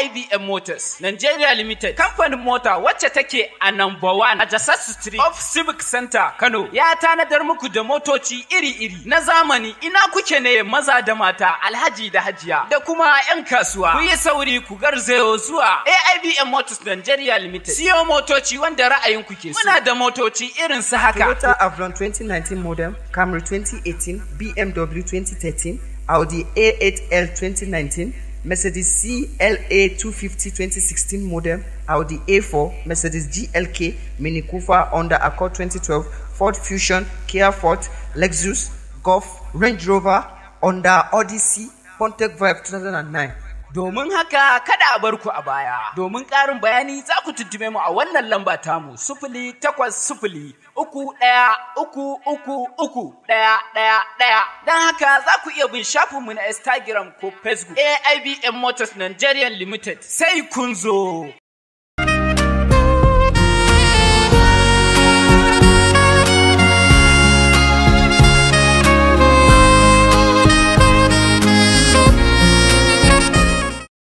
AIBM Motors, Nigeria Limited, kamfanin mota wacce take a number one a Jassas Street of Civic Center, Kano, ya tanadar muku da motoci iri-iri na zamani ina kuke ne maza da mata alhaji da hajiya da kuma 'yan kasuwa. Ku yi sauri ku garzayo zuwa AIBM Motors Nigeria Limited. Siyo motoci wanda ra'ayin ku ke so. Muna da motoci irin su haka. Toyota Avalon 2019 model, Camry 2018, BMW 2013, Audi A8L 2019, Mercedes CLA 250 2016 model, Audi A4, Mercedes GLK, Mini Cooper, Honda Accord 2012, Ford Fusion, Kia Forte, Lexus, Golf, Range Rover, Honda Odyssey, Pontiac Vibe 2009. Domin haka kada a bar ku a baya. Domin ƙarin bayani za ku tuntube mu a wannan lamba ta mu! sufuli takwas sufuli uku ɗaya uku uku uku ɗaya ɗaya ɗaya. Don haka za ku iya bin shafinmu na Instagram ko Facebook AIBM Motors Nigeria Limited. Sai kun zo.